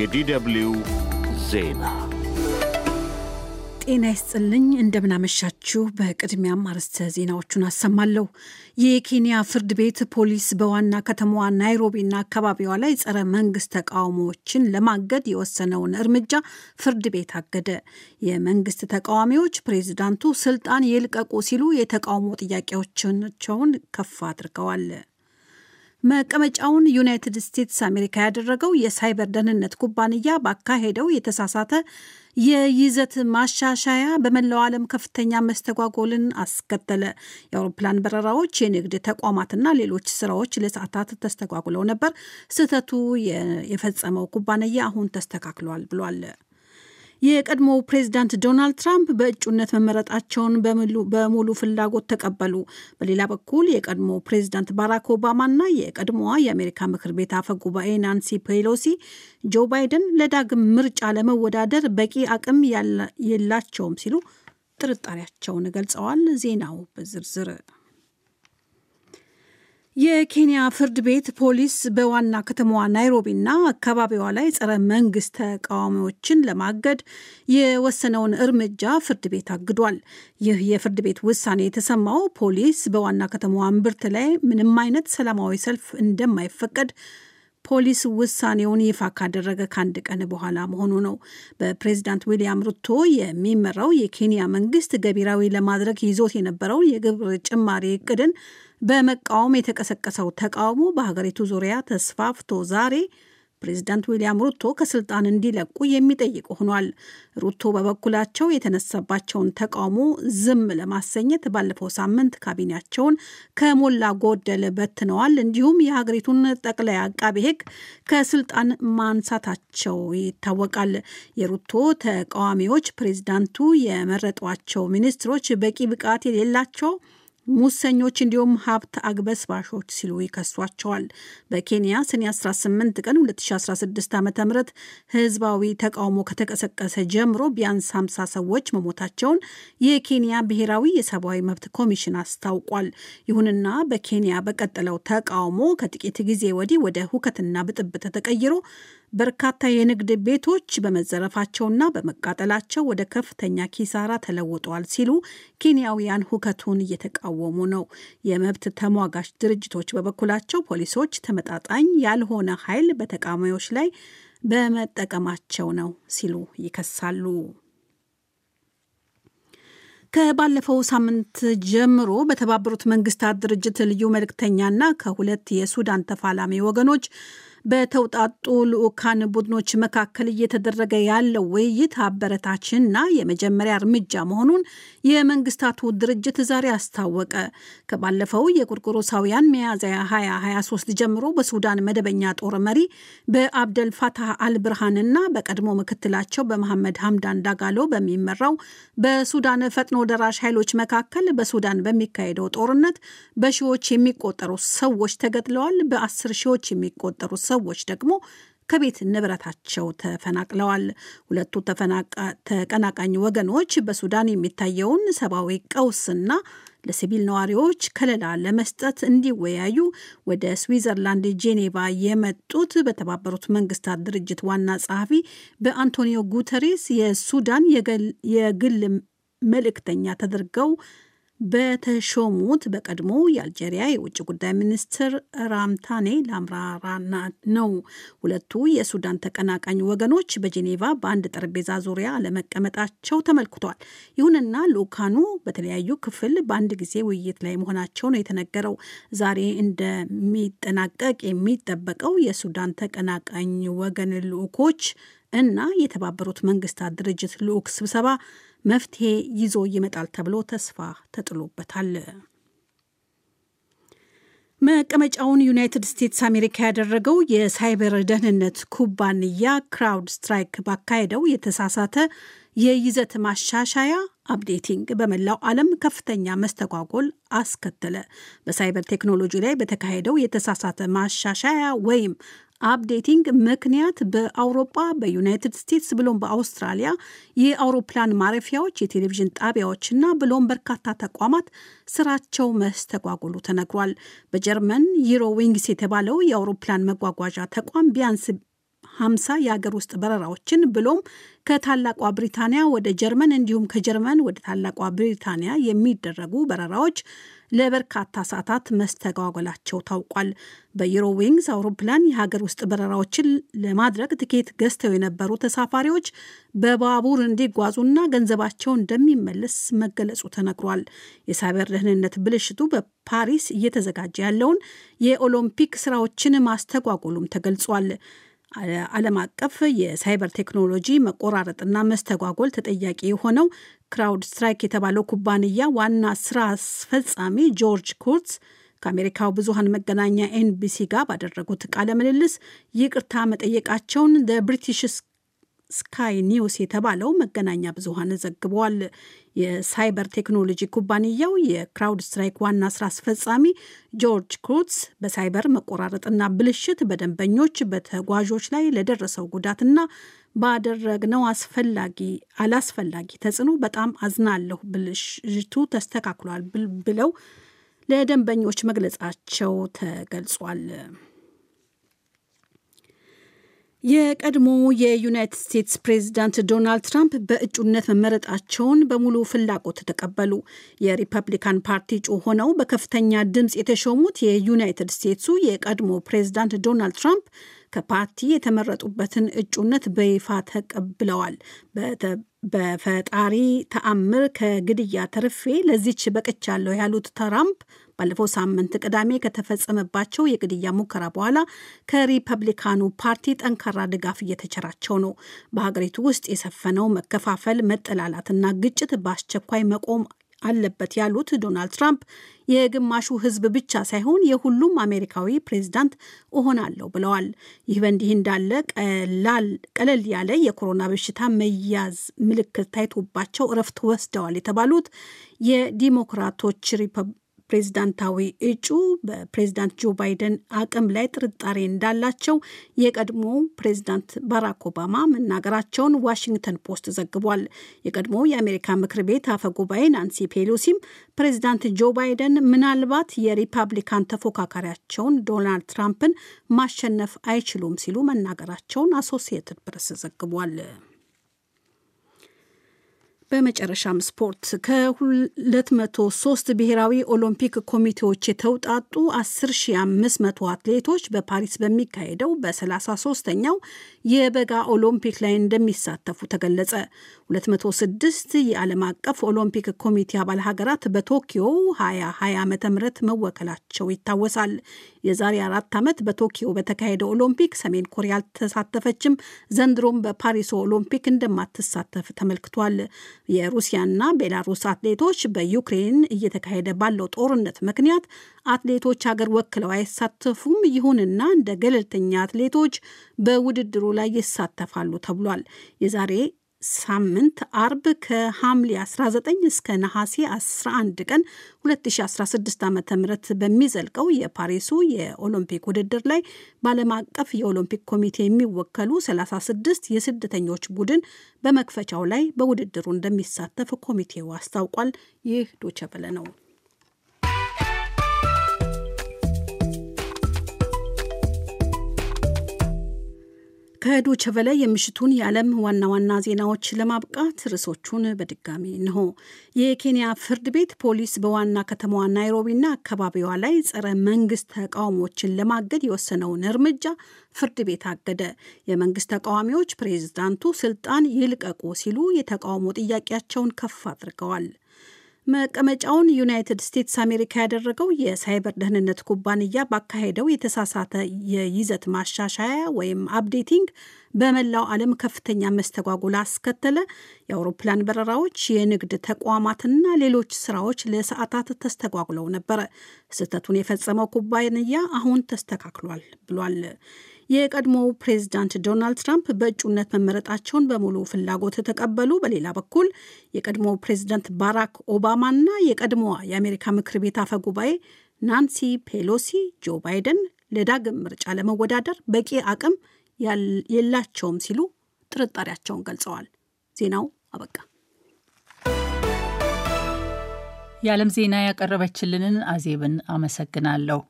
የዲደብሊው ዜና ጤና ይስጥልኝ። እንደምናመሻችሁ። በቅድሚያም አርስተ ዜናዎቹን አሰማለሁ። የኬንያ ፍርድ ቤት ፖሊስ በዋና ከተማዋ ናይሮቢና አካባቢዋ ላይ ጸረ መንግስት ተቃውሞዎችን ለማገድ የወሰነውን እርምጃ ፍርድ ቤት አገደ። የመንግስት ተቃዋሚዎች ፕሬዚዳንቱ ስልጣን ይልቀቁ ሲሉ የተቃውሞ ጥያቄዎቻቸውን ከፍ አድርገዋል። መቀመጫውን ዩናይትድ ስቴትስ አሜሪካ ያደረገው የሳይበር ደህንነት ኩባንያ ባካሄደው የተሳሳተ የይዘት ማሻሻያ በመላው ዓለም ከፍተኛ መስተጓጎልን አስከተለ። የአውሮፕላን በረራዎች፣ የንግድ ተቋማትና ሌሎች ስራዎች ለሰዓታት ተስተጓጉለው ነበር። ስህተቱ የፈጸመው ኩባንያ አሁን ተስተካክሏል ብሏል። የቀድሞው ፕሬዚዳንት ዶናልድ ትራምፕ በእጩነት መመረጣቸውን በሙሉ ፍላጎት ተቀበሉ። በሌላ በኩል የቀድሞ ፕሬዚዳንት ባራክ ኦባማና የቀድሞዋ የአሜሪካ ምክር ቤት አፈ ጉባኤ ናንሲ ፔሎሲ ጆ ባይደን ለዳግም ምርጫ ለመወዳደር በቂ አቅም የላቸውም ሲሉ ጥርጣሬያቸውን ገልጸዋል። ዜናው በዝርዝር የኬንያ ፍርድ ቤት ፖሊስ በዋና ከተማዋ ናይሮቢና አካባቢዋ ላይ ጸረ መንግስት ተቃዋሚዎችን ለማገድ የወሰነውን እርምጃ ፍርድ ቤት አግዷል። ይህ የፍርድ ቤት ውሳኔ የተሰማው ፖሊስ በዋና ከተማዋ እምብርት ላይ ምንም አይነት ሰላማዊ ሰልፍ እንደማይፈቀድ ፖሊስ ውሳኔውን ይፋ ካደረገ ከአንድ ቀን በኋላ መሆኑ ነው። በፕሬዚዳንት ዊልያም ሩቶ የሚመራው የኬንያ መንግስት ገቢራዊ ለማድረግ ይዞት የነበረው የግብር ጭማሪ እቅድን በመቃወም የተቀሰቀሰው ተቃውሞ በሀገሪቱ ዙሪያ ተስፋፍቶ ዛሬ ፕሬዚዳንት ዊልያም ሩቶ ከስልጣን እንዲለቁ የሚጠይቅ ሆኗል። ሩቶ በበኩላቸው የተነሳባቸውን ተቃውሞ ዝም ለማሰኘት ባለፈው ሳምንት ካቢኔያቸውን ከሞላ ጎደል በትነዋል። እንዲሁም የሀገሪቱን ጠቅላይ አቃቤ ሕግ ከስልጣን ማንሳታቸው ይታወቃል። የሩቶ ተቃዋሚዎች ፕሬዚዳንቱ የመረጧቸው ሚኒስትሮች በቂ ብቃት የሌላቸው ሙሰኞች እንዲሁም ሀብት አግበስባሾች ሲሉ ይከሷቸዋል። በኬንያ ሰኔ 18 ቀን 2016 ዓ ም ህዝባዊ ተቃውሞ ከተቀሰቀሰ ጀምሮ ቢያንስ 50 ሰዎች መሞታቸውን የኬንያ ብሔራዊ የሰብአዊ መብት ኮሚሽን አስታውቋል። ይሁንና በኬንያ በቀጠለው ተቃውሞ ከጥቂት ጊዜ ወዲህ ወደ ሁከትና ብጥብጥ ተቀይሮ በርካታ የንግድ ቤቶች በመዘረፋቸውና በመቃጠላቸው ወደ ከፍተኛ ኪሳራ ተለውጠዋል ሲሉ ኬንያውያን ሁከቱን እየተቃወሙ ነው። የመብት ተሟጋች ድርጅቶች በበኩላቸው ፖሊሶች ተመጣጣኝ ያልሆነ ኃይል በተቃዋሚዎች ላይ በመጠቀማቸው ነው ሲሉ ይከሳሉ። ከባለፈው ሳምንት ጀምሮ በተባበሩት መንግስታት ድርጅት ልዩ መልእክተኛና ከሁለት የሱዳን ተፋላሚ ወገኖች በተውጣጡ ልዑካን ቡድኖች መካከል እየተደረገ ያለው ውይይት አበረታችና የመጀመሪያ እርምጃ መሆኑን የመንግስታቱ ድርጅት ዛሬ አስታወቀ። ከባለፈው የቁርቁሮሳውያን ሚያዝያ 2023 ጀምሮ በሱዳን መደበኛ ጦር መሪ በአብደል ፋታህ አልብርሃንና በቀድሞ ምክትላቸው በመሐመድ ሀምዳን ዳጋሎ በሚመራው በሱዳን ፈጥኖ ደራሽ ኃይሎች መካከል በሱዳን በሚካሄደው ጦርነት በሺዎች የሚቆጠሩ ሰዎች ተገድለዋል። በአስር ሺዎች የሚቆጠሩ ሰዎች ደግሞ ከቤት ንብረታቸው ተፈናቅለዋል። ሁለቱ ተቀናቃኝ ወገኖች በሱዳን የሚታየውን ሰብአዊ ቀውስና ለሲቪል ነዋሪዎች ከለላ ለመስጠት እንዲወያዩ ወደ ስዊዘርላንድ ጄኔቫ የመጡት በተባበሩት መንግስታት ድርጅት ዋና ጸሐፊ በአንቶኒዮ ጉተሬስ የሱዳን የግል መልእክተኛ ተደርገው በተሾሙት በቀድሞ የአልጄሪያ የውጭ ጉዳይ ሚኒስትር ራምታኔ ላምራራና ነው። ሁለቱ የሱዳን ተቀናቃኝ ወገኖች በጄኔቫ በአንድ ጠረጴዛ ዙሪያ አለመቀመጣቸው ተመልክቷል። ይሁንና ልኡካኑ በተለያዩ ክፍል በአንድ ጊዜ ውይይት ላይ መሆናቸው ነው የተነገረው። ዛሬ እንደሚጠናቀቅ የሚጠበቀው የሱዳን ተቀናቃኝ ወገን ልኡኮች እና የተባበሩት መንግስታት ድርጅት ልኡክ ስብሰባ መፍትሄ ይዞ ይመጣል ተብሎ ተስፋ ተጥሎበታል። መቀመጫውን ዩናይትድ ስቴትስ አሜሪካ ያደረገው የሳይበር ደህንነት ኩባንያ ክራውድ ስትራይክ ባካሄደው የተሳሳተ የይዘት ማሻሻያ አፕዴቲንግ በመላው ዓለም ከፍተኛ መስተጓጎል አስከተለ። በሳይበር ቴክኖሎጂ ላይ በተካሄደው የተሳሳተ ማሻሻያ ወይም አፕዴቲንግ ምክንያት በአውሮጳ በዩናይትድ ስቴትስ ብሎም በአውስትራሊያ የአውሮፕላን ማረፊያዎች፣ የቴሌቪዥን ጣቢያዎችና ብሎም በርካታ ተቋማት ስራቸው መስተጓጉሉ ተነግሯል። በጀርመን ዩሮዊንግስ የተባለው የአውሮፕላን መጓጓዣ ተቋም ቢያንስ 50 የአገር ውስጥ በረራዎችን ብሎም ከታላቋ ብሪታንያ ወደ ጀርመን እንዲሁም ከጀርመን ወደ ታላቋ ብሪታንያ የሚደረጉ በረራዎች ለበርካታ ሰዓታት መስተጓጎላቸው ታውቋል። ዊንግስ አውሮፕላን የሀገር ውስጥ በረራዎችን ለማድረግ ትኬት ገዝተው የነበሩ ተሳፋሪዎች በባቡር እንዲጓዙና ገንዘባቸው እንደሚመለስ መገለጹ ተነግሯል። የሳይበር ደህንነት ብልሽቱ በፓሪስ እየተዘጋጀ ያለውን የኦሎምፒክ ስራዎችን ማስተጓጎሉም ተገልጿል። ዓለም አቀፍ የሳይበር ቴክኖሎጂ መቆራረጥና መስተጓጎል ተጠያቂ የሆነው ክራውድ ስትራይክ የተባለው ኩባንያ ዋና ስራ አስፈጻሚ ጆርጅ ኩርትስ ከአሜሪካው ብዙሃን መገናኛ ኤንቢሲ ጋር ባደረጉት ቃለ ምልልስ ይቅርታ መጠየቃቸውን ለብሪቲሽ ስካይ ኒውስ የተባለው መገናኛ ብዙሃን ዘግበዋል። የሳይበር ቴክኖሎጂ ኩባንያው የክራውድ ስትራይክ ዋና ስራ አስፈጻሚ ጆርጅ ክሩትስ በሳይበር መቆራረጥና ብልሽት በደንበኞች በተጓዦች ላይ ለደረሰው ጉዳትና ባደረግነው አስፈላጊ አላስፈላጊ ተጽዕኖ በጣም አዝናለሁ፣ ብልሽቱ ተስተካክሏል ብለው ለደንበኞች መግለጻቸው ተገልጿል። የቀድሞ የዩናይትድ ስቴትስ ፕሬዚዳንት ዶናልድ ትራምፕ በእጩነት መመረጣቸውን በሙሉ ፍላጎት ተቀበሉ። የሪፐብሊካን ፓርቲ እጩ ሆነው በከፍተኛ ድምፅ የተሾሙት የዩናይትድ ስቴትሱ የቀድሞ ፕሬዚዳንት ዶናልድ ትራምፕ ከፓርቲ የተመረጡበትን እጩነት በይፋ ተቀብለዋል። በፈጣሪ ተአምር ከግድያ ተርፌ ለዚች በቅቻለሁ ያሉት ትራምፕ ባለፈው ሳምንት ቅዳሜ ከተፈጸመባቸው የግድያ ሙከራ በኋላ ከሪፐብሊካኑ ፓርቲ ጠንካራ ድጋፍ እየተቸራቸው ነው። በሀገሪቱ ውስጥ የሰፈነው መከፋፈል፣ መጠላላትና ግጭት በአስቸኳይ መቆም አለበት ያሉት ዶናልድ ትራምፕ የግማሹ ሕዝብ ብቻ ሳይሆን የሁሉም አሜሪካዊ ፕሬዝዳንት እሆናለሁ ብለዋል። ይህ በእንዲህ እንዳለ ቀለል ያለ የኮሮና በሽታ መያዝ ምልክት ታይቶባቸው እረፍት ወስደዋል የተባሉት የዲሞክራቶች ፕሬዝዳንታዊ እጩ በፕሬዝዳንት ጆ ባይደን አቅም ላይ ጥርጣሬ እንዳላቸው የቀድሞ ፕሬዝዳንት ባራክ ኦባማ መናገራቸውን ዋሽንግተን ፖስት ዘግቧል። የቀድሞ የአሜሪካ ምክር ቤት አፈ ጉባኤ ናንሲ ፔሎሲም ፕሬዝዳንት ጆ ባይደን ምናልባት የሪፐብሊካን ተፎካካሪያቸውን ዶናልድ ትራምፕን ማሸነፍ አይችሉም ሲሉ መናገራቸውን አሶሲየትድ ፕሬስ ዘግቧል። በመጨረሻም ስፖርት ከ203 ብሔራዊ ኦሎምፒክ ኮሚቴዎች የተውጣጡ 10500 አትሌቶች በፓሪስ በሚካሄደው በ33ኛው የበጋ ኦሎምፒክ ላይ እንደሚሳተፉ ተገለጸ። 206 የዓለም አቀፍ ኦሎምፒክ ኮሚቴ አባል ሀገራት በቶኪዮ 2020 ዓ.ም መወከላቸው ይታወሳል። የዛሬ አራት ዓመት በቶኪዮ በተካሄደው ኦሎምፒክ ሰሜን ኮሪያ አልተሳተፈችም። ዘንድሮም በፓሪስ ኦሎምፒክ እንደማትሳተፍ ተመልክቷል። የሩሲያና ቤላሩስ አትሌቶች በዩክሬን እየተካሄደ ባለው ጦርነት ምክንያት አትሌቶች ሀገር ወክለው አይሳተፉም። ይሁንና እንደ ገለልተኛ አትሌቶች በውድድሩ ላይ ይሳተፋሉ ተብሏል። የዛሬ ሳምንት አርብ ከሐምሌ 19 እስከ ነሐሴ 11 ቀን 2016 ዓ ም በሚዘልቀው የፓሪሱ የኦሎምፒክ ውድድር ላይ በዓለም አቀፍ የኦሎምፒክ ኮሚቴ የሚወከሉ 36 የስደተኞች ቡድን በመክፈቻው ላይ በውድድሩ እንደሚሳተፍ ኮሚቴው አስታውቋል። ይህ ዶቸበለ ነው። ከዶቼ ቬለ የምሽቱን የዓለም ዋና ዋና ዜናዎች ለማብቃት ርዕሶቹን በድጋሚ እንሆ። የኬንያ ፍርድ ቤት ፖሊስ በዋና ከተማዋ ናይሮቢና አካባቢዋ ላይ ጸረ መንግስት ተቃውሞዎችን ለማገድ የወሰነውን እርምጃ ፍርድ ቤት አገደ። የመንግስት ተቃዋሚዎች ፕሬዝዳንቱ ስልጣን ይልቀቁ ሲሉ የተቃውሞ ጥያቄያቸውን ከፍ አድርገዋል። መቀመጫውን ዩናይትድ ስቴትስ አሜሪካ ያደረገው የሳይበር ደህንነት ኩባንያ ባካሄደው የተሳሳተ የይዘት ማሻሻያ ወይም አፕዴቲንግ በመላው ዓለም ከፍተኛ መስተጓጉል አስከተለ። የአውሮፕላን በረራዎች፣ የንግድ ተቋማትና ሌሎች ስራዎች ለሰዓታት ተስተጓጉለው ነበረ። ስህተቱን የፈጸመው ኩባንያ አሁን ተስተካክሏል ብሏል። የቀድሞው ፕሬዚዳንት ዶናልድ ትራምፕ በእጩነት መመረጣቸውን በሙሉ ፍላጎት ተቀበሉ። በሌላ በኩል የቀድሞው ፕሬዚዳንት ባራክ ኦባማ ና የቀድሞዋ የአሜሪካ ምክር ቤት አፈ ጉባኤ ናንሲ ፔሎሲ ጆ ባይደን ለዳግም ምርጫ ለመወዳደር በቂ አቅም የላቸውም ሲሉ ጥርጣሬያቸውን ገልጸዋል። ዜናው አበቃ። የዓለም ዜና ያቀረበችልንን አዜብን አመሰግናለሁ።